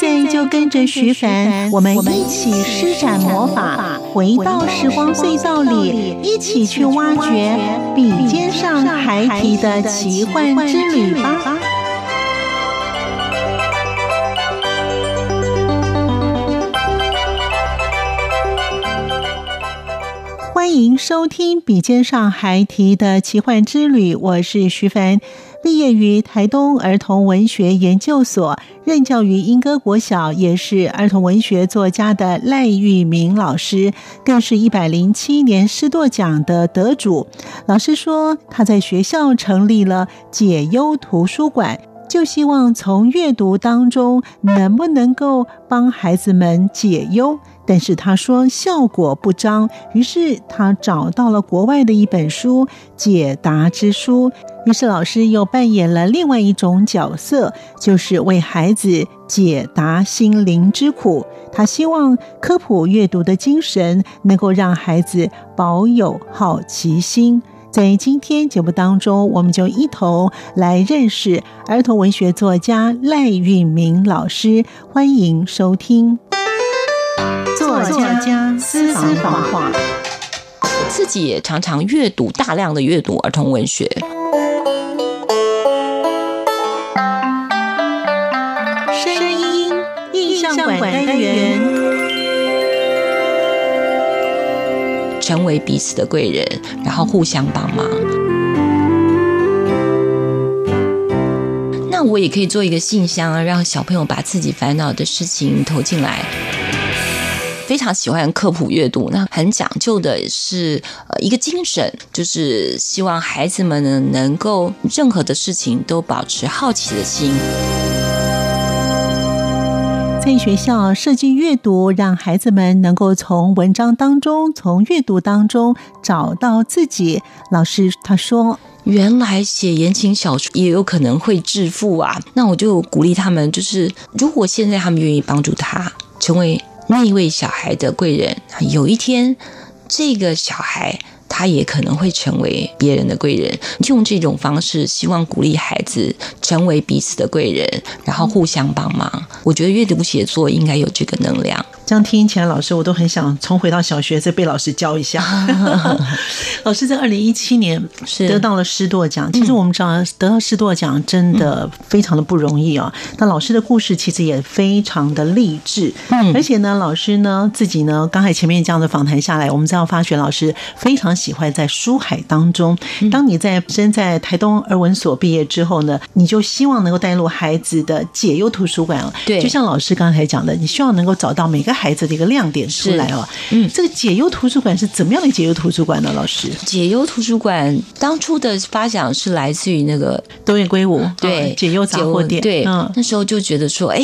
現在就跟着徐凡，我們一起施展魔法，魔法回到時光隧道裡，一起去挖掘筆尖上孩提的奇幻之旅吧！歡迎收聽《筆尖上孩提的奇幻之旅》，我是徐凡。畢業於台東兒童文學研究所，任教於鶯歌國小，也是兒童文學作家的賴玉敏老師，更是一百零七年師鐸獎的得主。老師說，他在學校成立了解憂圖書館，就希望從閱讀當中能不能夠幫孩子們解憂。但是他說效果不彰，於是他找到了國外的一本書《解答之書》。於是老師又扮演了另外一種角色，就是為孩子解答心靈之苦。他希望科普閱讀的精神能夠讓孩子保有好奇心。在今天節目當中，我們就一同來認識兒童文學作家賴玉敏老師。歡迎收聽。作家私房話，自己也常常閱讀大量的閱讀兒童文學。聲音印象館單元，成為彼此的貴人，然後互相幫忙。嗯，那我也可以做一個信箱啊，讓小朋友把自己煩惱的事情投進來。非常喜歡科普閱讀，那很講究的是呃一個精神，就是希望孩子們呢能夠任何的事情都保持好奇的心。在學校設計閱讀，讓孩子們能夠從文章當中、從閱讀當中找到自己。老師他說，原來寫言情小說也有可能會致富啊，那我就鼓勵他們，就是如果現在他們願意幫助他成為。那一位小孩的貴人，有一天，這個小孩，他也可能會成為別人的貴人，就用這種方式，希望鼓勵孩子成為彼此的貴人，然後互相幫忙。嗯、我覺得閱讀寫作應該有這個能量。這樣聽起來，老師我都很想重回到小學再被老師教一下。 老師在二零一七年是得到了師鐸獎。是其實我們知道，得到師鐸獎真的非常的不容易哦，那、嗯、老師的故事其實也非常的勵志。嗯，而且呢，老師呢自己呢，剛才前面這樣的訪談下來，我們知道發覺老師非常。喜歡在書海當中。當你在身在台東兒文所畢業之後呢，你就希望能夠帶入孩子的解憂圖書館了。對，就像老師剛才講的，你希望能夠找到每個孩子的一個亮點出來哦。嗯，這個解憂圖書館是怎麼樣的解憂圖書館呢？老師，解憂圖書館當初的發想是來自於那個東野圭吾對解憂雜貨店對，嗯，那時候就覺得說，哎。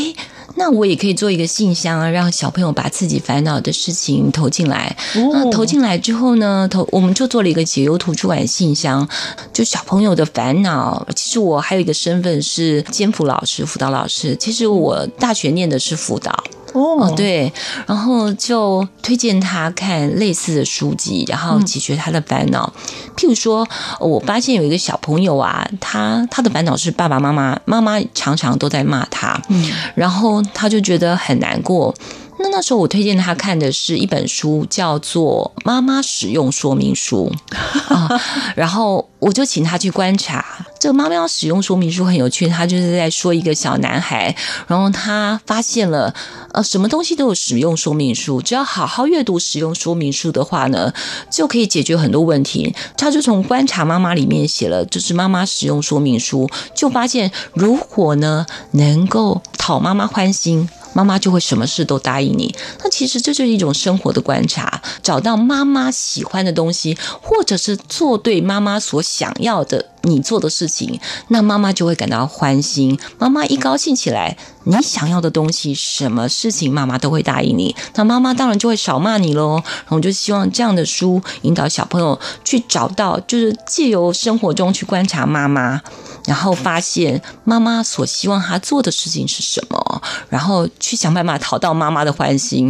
那我也可以做一個信箱啊，讓小朋友把自己煩惱的事情投進來。那、哦、投進來之後呢，投我們就做了一個解憂圖書館信箱，就小朋友的煩惱。其實我還有一個身份是兼輔老師、輔導老師。其實我大學念的是輔導。哦，對，然後就推薦他看類似的書籍，然後解決他的煩惱。嗯、譬如說，我發現有一個小朋友啊，他他的煩惱是爸爸媽媽，媽媽常常都在罵他，嗯、然後他就覺得很難過。那那時候我推薦他看的是一本書，叫做《媽媽使用說明書》。 啊，然後我就請他去觀察這個《媽媽使用說明書》很有趣，他就是在說一個小男孩，然後他發現了呃什麼東西都有使用說明書，只要好好閱讀使用說明書的話呢，就可以解決很多問題。他就從觀察媽媽裡面寫了就是《媽媽使用說明書》，就發現如果呢能夠討媽媽歡心。媽媽就會什麼事都答應你，那其實這就是一種生活的觀察，找到媽媽喜歡的東西，或者是做對媽媽所想要的你做的事情，那媽媽就會感到歡心。媽媽一高興起來，你想要的東西、什麼事情，媽媽都會答應你。那媽媽當然就會少罵你嘍。然後就希望這樣的書引導小朋友去找到，就是借由生活中去觀察媽媽。然後發現媽媽所希望他做的事情是什麼，然後去想辦法討到媽媽的歡心，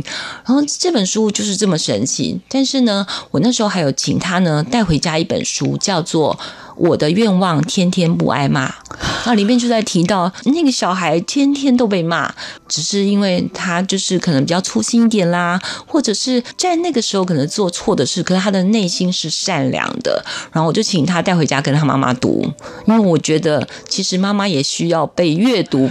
然後這本書就是這麼神奇。但是呢，我那時候還有請他呢帶回家一本書，叫做，我的願望天天不挨罵。那裡面就在提到那個小孩天天都被罵，只是因為他就是可能比較粗心一點啦，或者是在那個時候可能做錯的事，可是他的內心是善良的。然後我就請他帶回家跟他媽媽讀，因為我覺得其實媽媽也需要被閱讀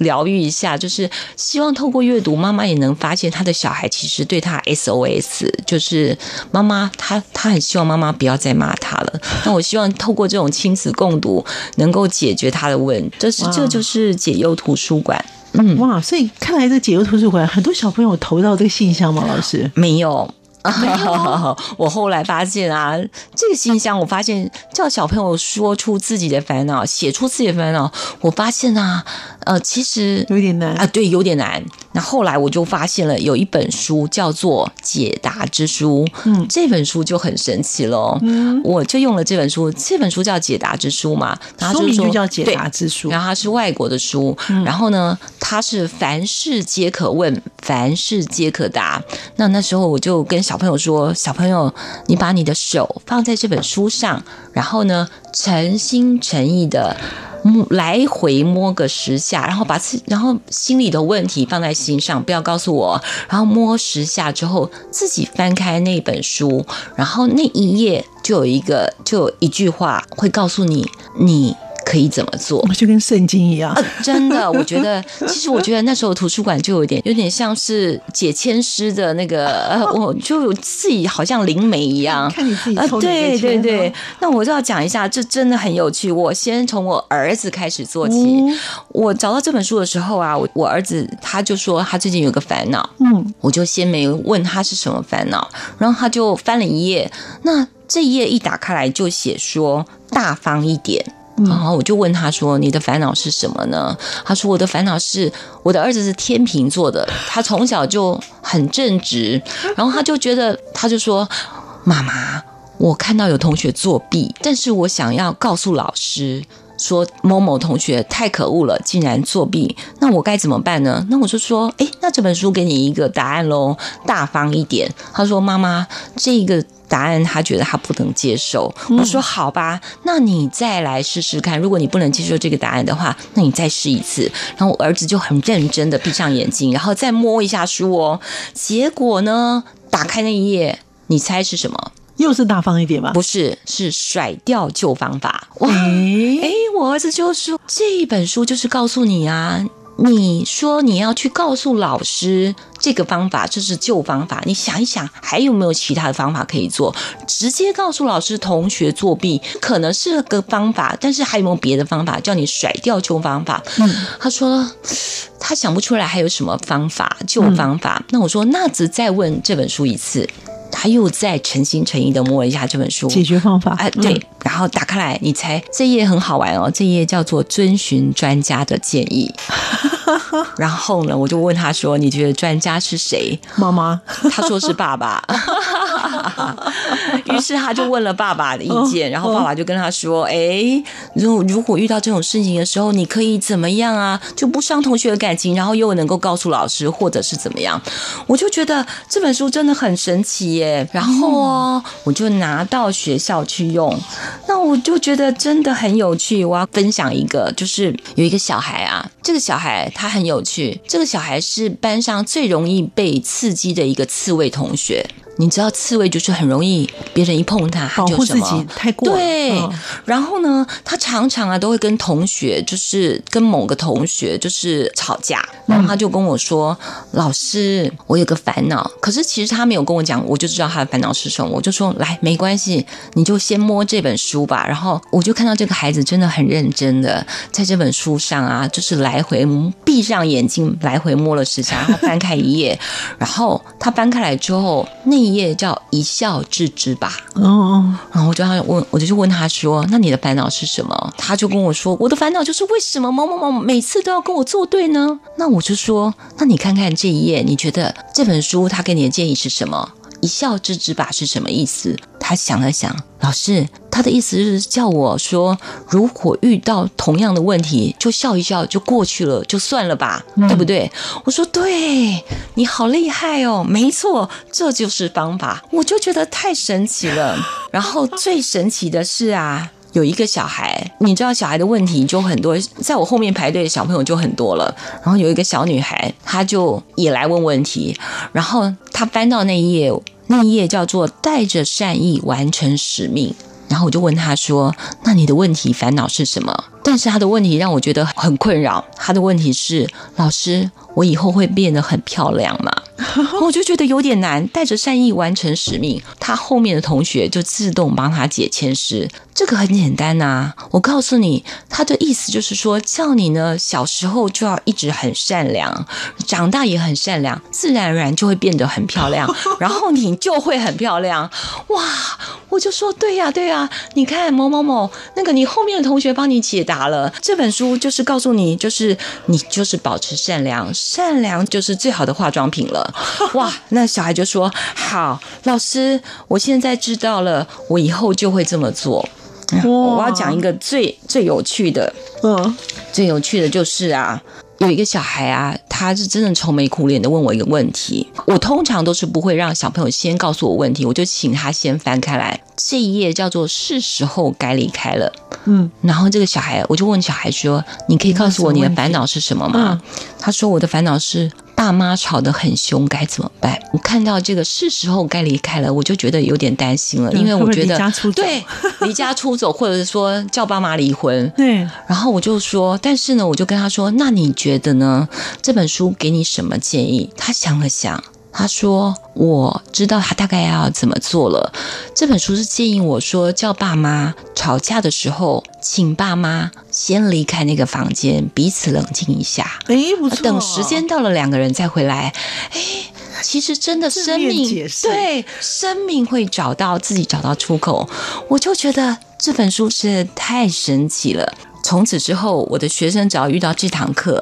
療癒一下，就是希望透過閱讀，媽媽也能發現他的小孩其實對他 SOS，就是媽媽他他很希望媽媽不要再罵他了。那我希望透。透過這種親子共讀，能夠解決他的問，就是哇這就是解憂圖書館。嗯，哇，所以看來這解憂圖書館很多小朋友投到這個信箱嗎，老師？沒有，啊、沒有。我後來發現啊，這個信箱，我發現叫小朋友說出自己的煩惱，寫出自己的煩惱，我發現啊，呃，其實有點難啊，對，有點難。後來我就發現了有一本書叫做《解答之書》，嗯，這本書就很神奇嘍，嗯，我就用了這本書。這本書叫《解答之書》嘛，書名就叫《解答之書》，然後它是外國的書，嗯，然後呢，它是凡事皆可問，凡事皆可答。那那時候我就跟小朋友說：“小朋友，你把你的手放在這本書上，然後呢，誠心誠意的。”摸，來回摸個十下，然後把自，然後心裡的問題放在心上，不要告訴我。然後摸十下之後，自己翻開那本書，然後那一頁就有一個，就有一句話會告訴你你。可以怎麼做？就跟聖經一樣，呃，真的。我覺得，其實我覺得那時候圖書館就有點有點像是解籤師的那個、 呃，我就自己好像靈媒一樣。 看你自己抽的籤，對對對，對對 那我就要講一下，這真的很有趣。我先從我兒子開始做起。嗯、我找到這本書的時候啊，我，我兒子他就說他最近有個煩惱，嗯，我就先沒問他是什麼煩惱，然後他就翻了一頁。那這一頁一打開來就寫說：“大方一點。嗯”然後我就問他說：“你的煩惱是什麼呢？”他說：“我的煩惱是，我的兒子是天秤座的，他從小就很正直，然後他就覺得，他就說，媽媽，我看到有同學作弊，但是我想要告訴老師說某某同學太可惡了，竟然作弊，那我該怎麼辦呢？”那我就說：“誒，那這本書給你一個答案嘍，大方一點。”他說：“媽媽，這個。”答案他覺得他不能接受，我說好吧，那你再來試試看。如果你不能接受這個答案的話，那你再試一次。然後我兒子就很認真的閉上眼睛，然後再摸一下書哦。結果呢，打開那一頁，你猜是什麼？又是大方一點嗎？不是，是甩掉舊方法。哇，誒，欸欸，我兒子就說，這一本書就是告訴你啊。你說你要去告訴老師這個方法，這是舊方法。你想一想，還有沒有其他的方法可以做？直接告訴老師同學作弊，可能是個方法，但是還有沒有別的方法叫你甩掉舊方法？嗯，他說他想不出來還有什麼方法，舊方法。嗯，那我說，那就再問這本書一次。他又再誠心誠意的摸了一下這本書，解決方法。哎、呃，對，嗯、然後打開來，你猜這頁很好玩哦，這頁叫做“遵循專家的建議”。 然後呢，我就問他說：“你覺得專家是誰？”媽媽， 他說是爸爸。 於 是他就問了爸爸的意見，然後爸爸就跟他說：“誒、欸、如如果遇到這種事情的時候，你可以怎麼樣啊？就不傷同學的感情，然後又能夠告訴老師，或者是怎麼樣？”我就覺得這本書真的很神奇耶、欸。然後啊，我就拿到學校去用，哦、那我就覺得真的很有趣。我要分享一個，就是有一個小孩啊，這個小孩他很有趣，這個小孩是班上最容易被刺激的一個刺蝟同學。你知道刺蝟就是很容易，別人一碰它，它就自己太過。對，然後呢，他常常啊都會跟同學，就是跟某個同學就是吵架。然後他就跟我說：“老師，我有個煩惱。”可是其實他沒有跟我講，我就知道他的煩惱是什麼。我就說：“來，沒關係，你就先摸這本書吧。”然後我就看到這個孩子真的很認真的在這本書上啊，就是來回閉上眼睛，來回摸了十下，然後翻開一頁。 然後他翻開來之後，那一頁叫“一笑置之”吧。哦。然後我就要問，我就去問他說：“那你的煩惱是什麼？”他就跟我說：“我的煩惱就是為什麼某某某每次都要跟我作對呢？”那我。我就說，那你看看這一頁，你覺得這本書他給你的建議是什麼？一笑置之吧，是什麼意思？他想了想，老師，他的意思是叫我說，如果遇到同樣的問題，就笑一笑就過去了，就算了吧，嗯、對不對？我說對，你好厲害哦，沒錯，這就是方法，我就覺得太神奇了。 然後最神奇的是啊。有一個小孩，你知道小孩的問題就很多，在我後面排隊的小朋友就很多了。然後有一個小女孩，她就也來問問題。然後她翻到那一頁，那一頁叫做帶着善意完成使命。然後我就問她說：“那你的問題煩惱是什麼？”但是她的問題讓我覺得很困擾。她的問題是：“老師，我以後會變得很漂亮嗎？”我就覺得有點難，帶着善意完成使命，他後面的同學就自動幫他解簽詩，這個很簡單吶。我告訴你，他的意思就是說，叫你呢小時候就要一直很善良，長大也很善良，自然而然就會變得很漂亮，然後你就會很漂亮。哇！我就說對呀，對呀，你看某某某，那個你後面的同學幫你解答了。這本書就是告訴你，就是你就是保持善良，善良就是最好的化妝品了。 哇，那小孩就說：“好，老師，我現在知道了，我以後就會這麼做。” Wow. 我要講一個最最有趣的，嗯，oh. 最有趣的就是啊，有一個小孩啊，他是真的愁眉苦臉地問我一個問題。我通常都是不會讓小朋友先告訴我問題，我就請他先翻開來，這一頁叫做“是時候該離開了”。嗯，然後這個小孩，我就問小孩說：“你可以告訴我你的煩惱是什麼嗎？”嗯、他說：“我的煩惱是。”爸媽吵得很兇，該怎麼辦？我看到這個是時候該離開了，我就覺得有點擔心了，對因為我覺得離家出走。對，離家出走，或者說叫爸媽離婚。對，然後我就說，但是呢，我就跟他說，那你覺得呢？這本書給你什麼建議？他想了想。他說：“我知道他大概要怎麼做了。這本書是建議我說，叫爸媽吵架的時候，請爸媽先離開那個房間，彼此冷靜一下。哎，不錯。等時間到了，兩個人再回來。哎，其實真的生命對生命會找到自己，找到出口。我就覺得這本書是太神奇了。從此之後，我的學生只要遇到這堂課。”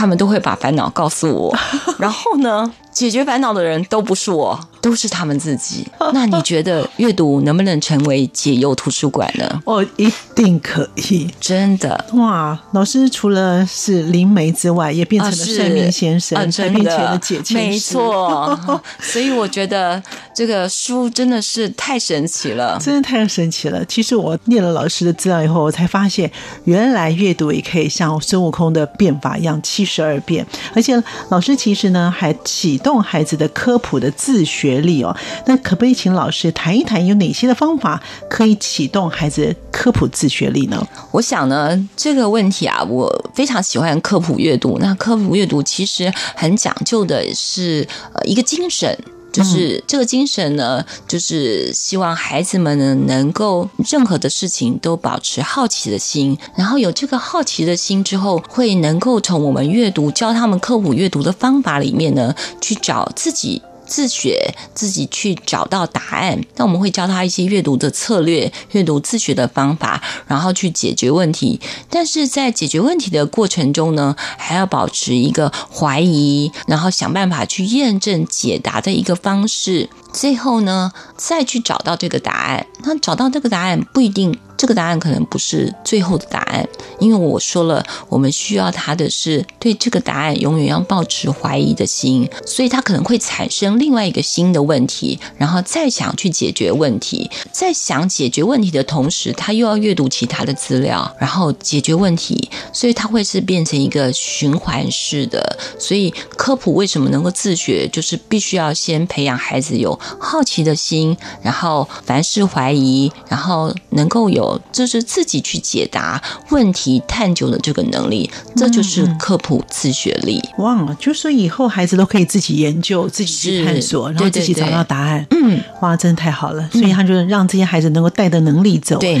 他們都會把煩惱告訴我，然後呢，解決煩惱的人都不是我。都是他們自己。那你覺得閱讀能不能成為解憂圖書館呢？哦，一定可以，真的。哇，老師除了是靈媒之外，也變成了算命先生，算命先生的姐姐。沒錯錯， 所以我覺得這個書真的是太神奇了，真的太神奇了。其實我念了老師的資料以後，我才發現，原來閱讀也可以像孫悟空的變法一樣，七十二變。而且老師其實呢，還啟動孩子的科普的自學學力哦，那可不可以請老師談一談有哪些的方法可以啟動孩子科普自學力呢？我想呢，這個問題啊，我非常喜歡科普閱讀。那科普閱讀其實很講究的是呃一個精神，就是、嗯、這個精神呢，就是希望孩子們呢能夠任何的事情都保持好奇的心，然後有這個好奇的心之後，會能夠從我們閱讀教他們科普閱讀的方法裡面呢去找自己。自學，自己去找到答案。那我們會教他一些閱讀的策略、閱讀自學的方法，然後去解決問題。但是在解決問題的過程中呢，還要保持一個懷疑，然後想辦法去驗證解答的一個方式。最後呢，再去找到這個答案。那找到這個答案不一定，這個答案可能不是最後的答案，因為我說了，我們需要他的是對這個答案永遠要保持懷疑的心，所以他可能會產生另外一個新的問題，然後再想去解決問題。在想解決問題的同時，他又要閱讀其他的資料，然後解決問題，所以他會是變成一個循環式的。所以科普為什麼能夠自學，就是必須要先培養孩子有。好奇的心，然後凡事懷疑，然後能夠有就是自己去解答問題、探究的這個能力，這就是科普自學力。忘了、嗯嗯，就是以後孩子都可以自己研究、自己去探索，是然後自己找到答案。對對對嗯，哇，真的太好了！所以他就讓這些孩子能夠帶着能力走。嗯、對。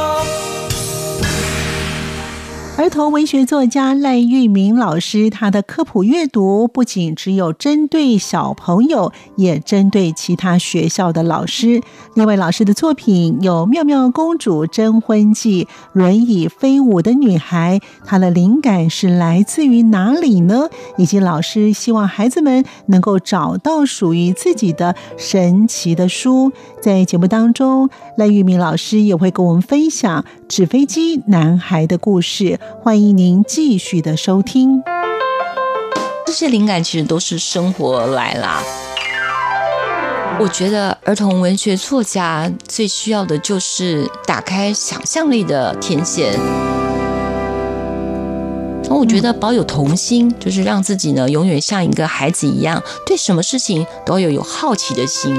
兒童文學作家賴玉敏老師，他的科普閱讀不僅只有針對小朋友，也針對其他學校的老師。那位老師的作品有《妙妙公主徵婚記》《輪椅飛舞的女孩》，她的靈感是來自於哪裡呢？以及老師希望孩子們能夠找到屬於自己的神奇的書。在節目當中，賴玉敏老師也會跟我們分享《紙飛機男孩》的故事。歡迎您繼續的收聽。這些靈感其實都是生活而來了。我覺得兒童文學作家最需要的就是打開想象力的天線。那我覺得保有童心，就是讓自己呢永遠像一個孩子一樣，對什麼事情都要有有好奇的心。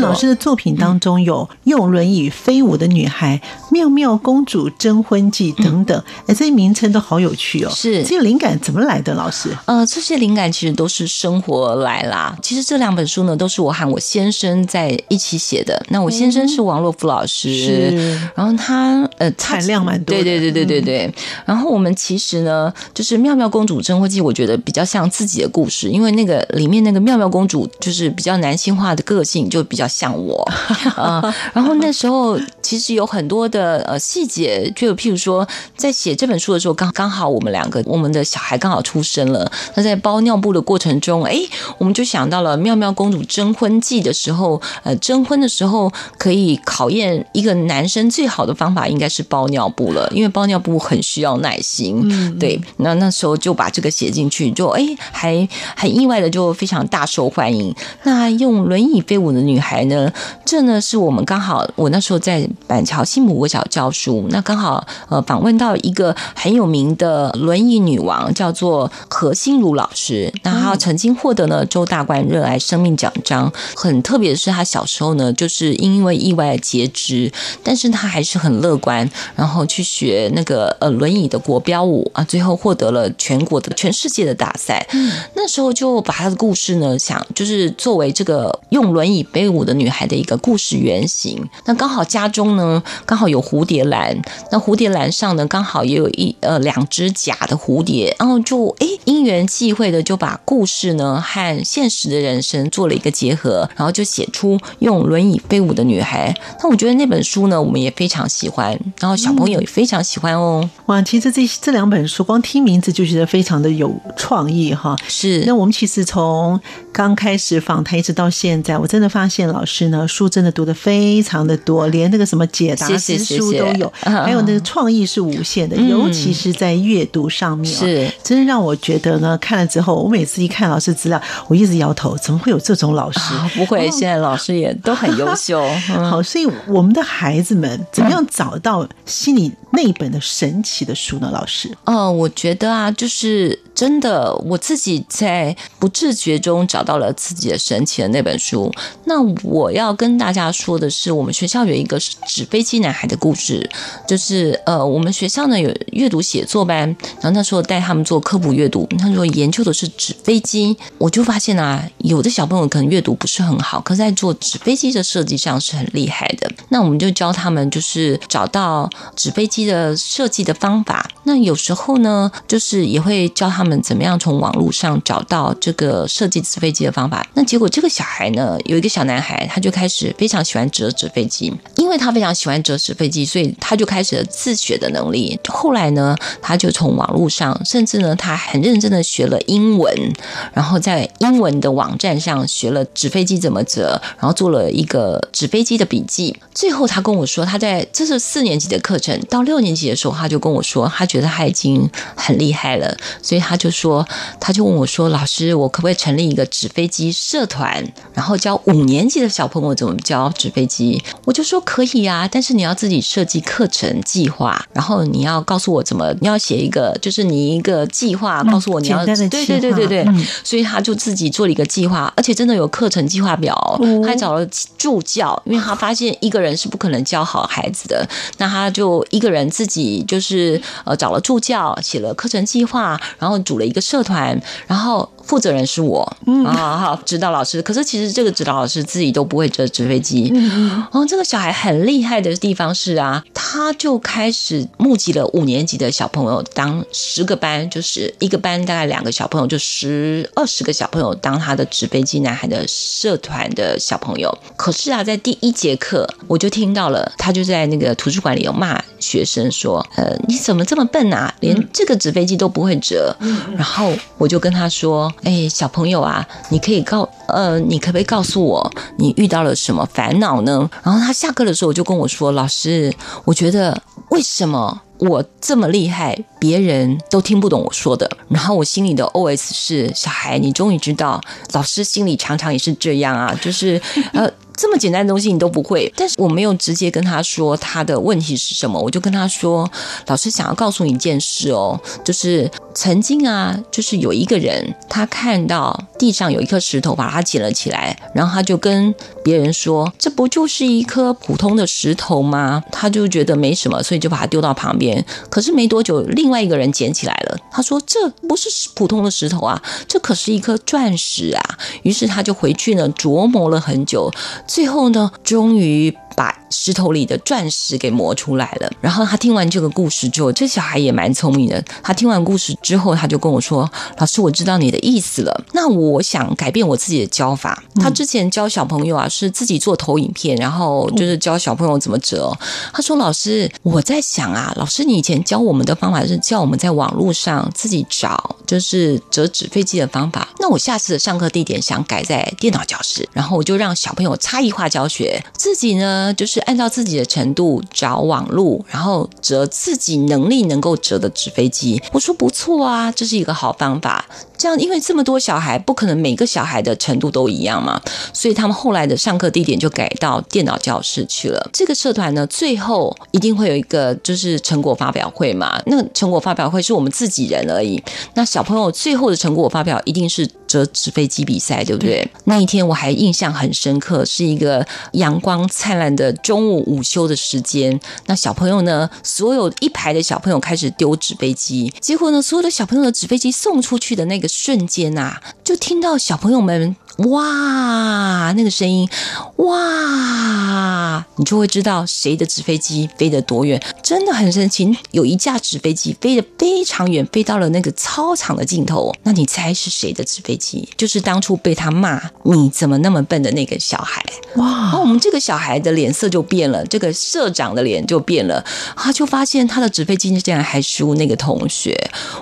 老師的作品當中有用輪椅飛舞的女孩、嗯、妙妙公主徵婚記等等，哎、嗯，這些名稱都好有趣哦。是這些靈感怎麼來的？老師，呃，這些靈感其實都是生活來啦。其實這兩本書呢，都是我和我先生在一起寫的。那我先生是王洛夫老師，嗯、然後他呃產量蠻多的。對，對對對對對對。然後我們其實呢，就是妙妙公主徵婚記，我覺得比較像自己的故事，因為那個裡面那個妙妙公主就是比較男性化的個性，就比較。 像我、呃，然後那時候其實有很多的呃細節，就譬如說在寫這本書的時候，剛剛好我們兩個，我們的小孩剛好出生了。那在包尿布的過程中，哎、欸，我們就想到了《妙妙公主徵婚記》的時候，呃，徵婚的時候可以考驗一個男生最好的方法，應該是包尿布了，因為包尿布很需要耐心。對，那那時候就把這個寫進去，就哎、欸，還很意外的就非常大受歡迎。那用輪椅飛舞的女孩。來呢？這呢是我們剛好我那時候在板橋新埔國小教書，那剛好呃訪問到一個很有名的輪椅女王，叫做何心如老師。那她曾經獲得了周大觀熱愛生命獎章。很特別是，她小時候呢就是因為意外截肢，但是她還是很樂觀，然後去學那個呃輪椅的國標舞啊，最後獲得了全國的全世界的大賽。那時候就把她的故事呢，想就是作為這個用輪椅飛舞。舞的女孩的一個故事原型，那剛好家中呢，剛好有蝴蝶蘭，那蝴蝶蘭上呢，剛好也有一呃兩隻假的蝴蝶，然後就誒因緣際會的就把故事呢和現實的人生做了一個結合，然後就寫出用輪椅飛舞的女孩。那我覺得那本書呢，我們也非常喜歡，然後小朋友也非常喜歡哦。嗯、哇，其實這這兩本書光聽名字就覺得非常的有創意哈。是。那我們其實從剛開始訪談一直到現在，我真的發現。老師呢，書真的讀得非常的多，連那個什麼解答之書都有，謝謝謝謝還有那個創意是無限的，嗯、尤其是在閱讀上面，是真讓我覺得呢，看了之後，我每次一看老師資料，我一直搖頭，怎麼會有這種老師？哦、不會，現在老師也都很優秀。嗯、 好，所以我們的孩子們怎麼樣找到心裡那本的神奇的書呢？老師，嗯，我覺得啊，就是。真的，我自己在不自覺中找到了自己的神奇的那本書。那我要跟大家說的是，我們學校有一個紙飛機男孩的故事。就是呃，我們學校呢有閱讀寫作班，然後那時候帶他們做科普閱讀，他說研究的是紙飛機。我就發現啊，有的小朋友可能閱讀不是很好，可是在做紙飛機的設計上是很厲害的。那我們就教他們，就是找到紙飛機的設計的方法。那有時候呢，就是也會教他。他們怎麼樣從網絡上找到這個設計紙飛機的方法？那結果這個小孩呢，有一個小男孩，他就開始非常喜歡折紙飛機，因為他非常喜歡折紙飛機，所以他就開始了自學的能力。後來呢，他就從網絡上，甚至呢，他很認真的學了英文，然後在英文的網站上學了紙飛機怎麼折，然後做了一個紙飛機的筆記。最後他跟我說，他在這是四年級的課程，到六年級的時候，他就跟我說，他覺得他已經很厲害了，所以他。他就說，他就問我說：“老師，我可不可以成立一個紙飛機社團？然後教五年級的小朋友怎麼教紙飛機？”我就說：“可以啊，但是你要自己設計課程計劃，然後你要告訴我怎麼，你要寫一個，就是你一個計劃，告訴我你要對對對對對。所以他就自己做了一個計劃，而且真的有課程計劃表，他還找了助教，因為他發現一個人是不可能教好孩子的。那他就一個人自己就是呃找了助教，寫了課程計劃，然後。組了一個社團，然後。負責人是我啊，好，好，好指導老師。可是其實這個指導老師自己都不會折紙飛機。哦，這個小孩很厲害的地方是啊，他就開始募集了五年級的小朋友當十個班，就是一個班大概兩個小朋友，就十二十個小朋友當他的紙飛機男孩的社團的小朋友。可是啊，在第一節課我就聽到了，他就在那個圖書館裡有罵學生說：“呃，你怎麼這麼笨啊，連這個紙飛機都不會折？”然後我就跟他說。哎，小朋友啊，你可以告，呃，你可不可以告訴我你遇到了什麼煩惱呢？然後他下課的時候就跟我說：“老師，我覺得為什麼我這麼厲害，別人都聽不懂我說的？”然後我心裡的 O S 是：“小孩，你終於知道，老師心裡常常也是這樣啊，就是，呃。” 這麼簡單的東西你都不會，但是我沒有直接跟他說他的問題是什麼，我就跟他說：“老師想要告訴你一件事哦，就是曾經啊，就是有一個人他看到地上有一顆石頭，把它撿了起來，然後他就跟別人說：‘這不就是一顆普通的石頭嗎？’他就覺得沒什麼，所以就把它丟到旁邊。可是沒多久，另外一個人撿起來了，他說：‘這不是普通的石頭啊，這可是一顆鑽石啊！’於是他就回去呢，琢磨了很久。”最後呢，終於把石頭裡的鑽石給磨出來了。然後他聽完這個故事之後，這小孩也蠻聰明的。他聽完故事之後，他就跟我說：“老師，我知道你的意思了。那我想改變我自己的教法。嗯、他之前教小朋友啊，是自己做投影片，然後就是教小朋友怎麼折。他說：老師，我在想啊，老師，你以前教我們的方法是叫我們在網絡上自己找，就是折紙飛機的方法。那我下次的上課地點想改在電腦教室，然後我就讓小朋友差異化教學，自己呢就是按照自己的程度找網路，然後折自己能力能夠折的紙飛機。我說不錯啊，這是一個好方法。這樣，因為這麼多小孩，不可能每個小孩的程度都一樣嘛，所以他們後來的上課地點就改到電腦教室去了。這個社團呢，最後一定會有一個就是成果發表會嘛。那成果發表會是我們自己人而已。那小朋友最後的成果發表一定是折紙飛機比賽，對不對？嗯。那一天我還印象很深刻是。一個陽光燦爛的中午午休的時間，那小朋友呢，所有一排的小朋友開始丟紙飛機，結果呢，所有的小朋友的紙飛機送出去的那個瞬間啊，就聽到小朋友們。哇，那個聲音，哇，你就會知道誰的紙飛機飛得多遠，真的很神奇。有一架紙飛機飛得非常遠，飛到了那個操場的盡頭。那你猜是誰的紙飛機？就是當初被他罵“你怎麼那麼笨”的那個小孩。哇，我們這個小孩的臉色就變了，這個社長的臉就變了，他就發現他的紙飛機竟然還輸那個同學。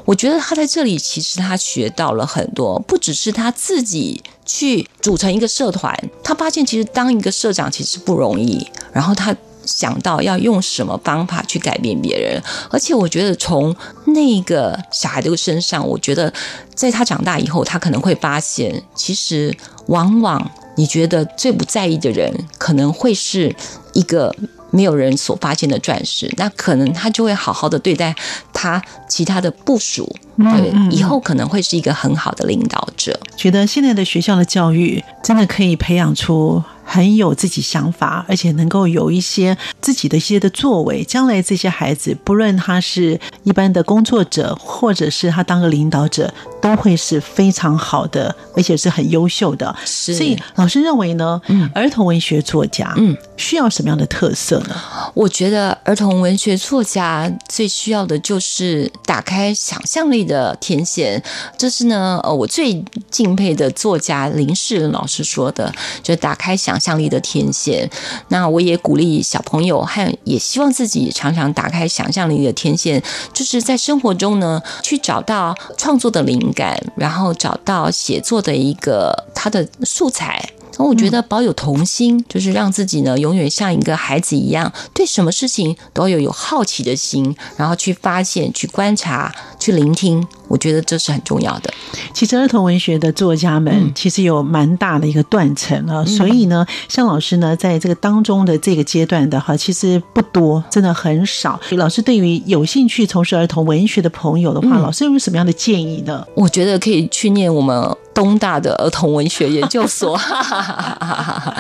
我覺得他在這裡其實他學到了很多，不只是他自己。去組成一個社團，他發現其實當一個社長其實不容易。然後他想到要用什麼方法去改變別人，而且我覺得從那個小孩的身上，我覺得在他長大以後，他可能會發現，其實往往你覺得最不在意的人，可能會是一個沒有人所發現的鑽石，那可能他就會好好的對待他其他的部屬，對，對，以後可能會是一個很好的領導者。嗯嗯嗯、覺得現在的學校的教育，真的可以培養出，很有自己想法，而且能夠有一些自己的一些的作為。將來這些孩子，不論他是一般的工作者，或者是他當個領導者，都會是非常好的，而且是很優秀的。是所以，老師認為呢，嗯，兒童文學作家，嗯，需要什麼樣的特色呢？我覺得兒童文學作家最需要的就是打開想象力的天線。這是呢，呃，我最敬佩的作家林世仁老師說的，就打開想。想象力的天線，那我也鼓勵小朋友，也希望自己常常打開想象力的天線，就是在生活中呢，去找到創作的靈感，然後找到寫作的一個它的素材。那我覺得保有童心，就是讓自己呢永遠像一個孩子一樣，對什麼事情都有有好奇的心，然後去發現、去觀察、去聆聽。我覺得這是很重要的。其實兒童文學的作家們其實有蠻大的一個斷層啊，嗯、所以呢，像老師呢在這個當中的這個階段的哈，其實不多，真的很少。老師對於有興趣從事兒童文學的朋友的話，老師有什麼樣的建議呢？我覺得可以去念我們東大的兒童文學研究所。哈哈哈哈哈哈，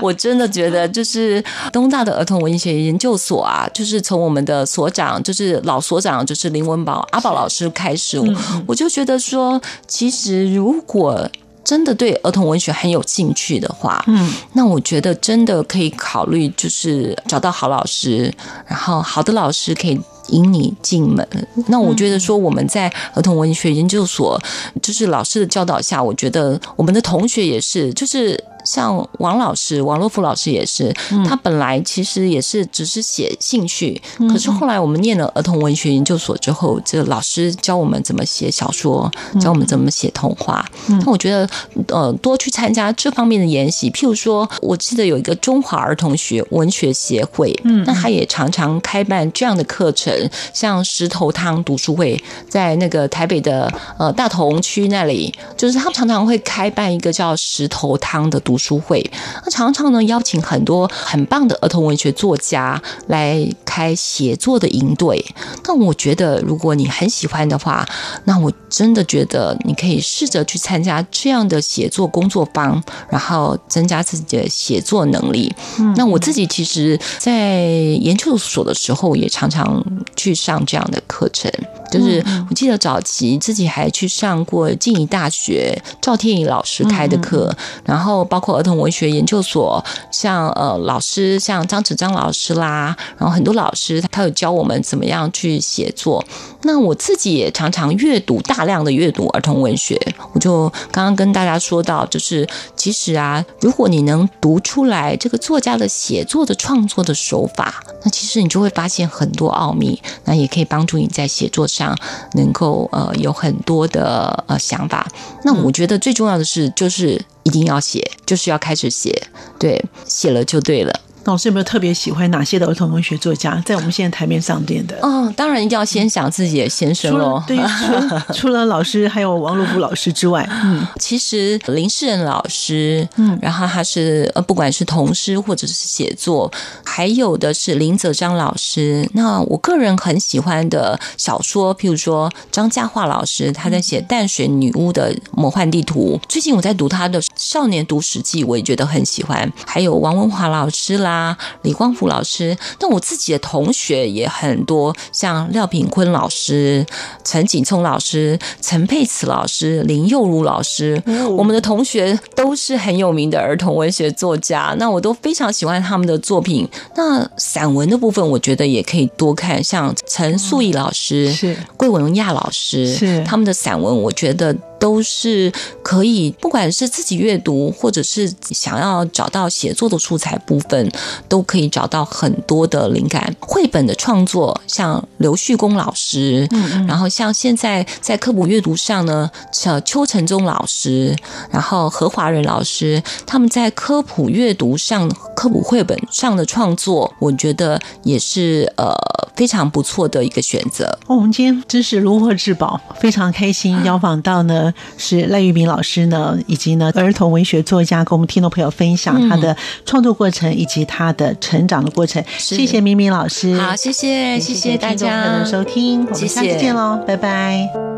我真的覺得就是東大的兒童文學研究所啊，就是從我們的所長，就是老所長，就是林文寶是阿寶老師開始。 我就覺得說，其實如果真的對兒童文學很有興趣的話，嗯， 那我覺得真的可以考慮，就是找到好老師，然後好的老師可以。引你進門。那我覺得說我們在兒童文學研究所，就是老師的教導下，我覺得我們的同學也是，就是像王老師、王洛夫老師也是。他本來其實也是只是寫興趣，嗯、可是後來我們念了兒童文學研究所之後，這老師教我們怎麼寫小說，教我們怎麼寫童話。嗯、那我覺得，呃，多去參加這方面的研習。譬如說，我記得有一個中華兒童學文學協會，嗯、那他也常常開辦這樣的課程。像石頭湯讀書會，在那個台北的呃大同區那裡，就是他們常常會開辦一個叫石頭湯的讀書會，那常常呢邀請很多很棒的兒童文學作家來。開寫作的營隊，那我覺得如果你很喜歡的話，那我真的覺得你可以試着去參加這樣的寫作工作坊，然後增加自己的寫作能力。嗯嗯，那我自己其實，在研究所的時候也常常去上這樣的課程，就是我記得早期自己還去上過靜宜大學趙天儀老師開的課，嗯嗯，然後包括兒童文學研究所，像呃老師像張子樟老師啦，然後很多老。老師，他有教我們怎麼樣去寫作。那我自己也常常閱讀大量的閱讀兒童文學。我就剛剛跟大家說到，就是其實啊，如果你能讀出來這個作家的寫作的創作的手法，那其實你就會發現很多奧秘。那也可以幫助你在寫作上能夠呃有很多的呃想法。那我覺得最重要的是，就是一定要寫，就是要開始寫。對，寫了就對了。老師有沒有特別喜歡哪些的兒童文學作家，在我們現在台面上面的？哦、嗯，當然一定要先想自己的先生嘍、嗯。對，除了，除了老師，還有王洛夫老師之外，嗯，其實林世仁老師，嗯，然後他是呃，不管是童詩或者是寫作，還有的是林哲璋老師。那我個人很喜歡的小說，譬如說張嘉驊老師，他在寫《淡水女巫的魔幻地圖》，嗯，最近我在讀他的《少年讀史記》，我也覺得很喜歡。還有王文華老師啦。啊，李光福老師，那我自己的同學也很多，像廖炳焜老師、陳景聰老師、陳佩慈老師、林佑儒老師，哦、我們的同學都是很有名的兒童文學作家，那我都非常喜歡他們的作品。那散文的部分，我覺得也可以多看，像陳素宜老師、嗯、是桂文亞老師，是他們的散文，我覺得。都是可以，不管是自己閱讀，或者是想要找到寫作的素材部分，都可以找到很多的靈感。繪本的創作，像劉旭公老師，嗯，嗯，然後像現在在科普閱讀上呢，呃，邱承宗老師，然後何華仁老師，他們在科普閱讀上、科普繪本上的創作，我覺得也是呃非常不錯的一個選擇。哦、我們今天真是如獲至寶，非常開心，邀訪到呢。啊是賴玉敏老師呢，以及呢兒童文學作家，跟我們聽眾朋友分享他的創作過程以及他的成長的過程。嗯、謝謝敏敏老師，好，謝謝謝謝大家的收聽，我們下次見嘍，謝謝拜拜。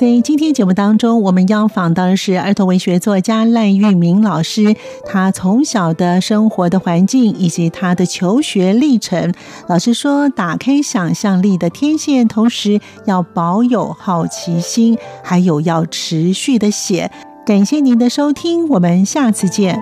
在今天節目當中，我們要訪到的是兒童文學作家賴玉敏老師。他從小的生活的環境以及他的求學歷程，老師說打開想象力的天線，同時要保有好奇心，還有要持續的寫。感謝您的收聽，我們下次見。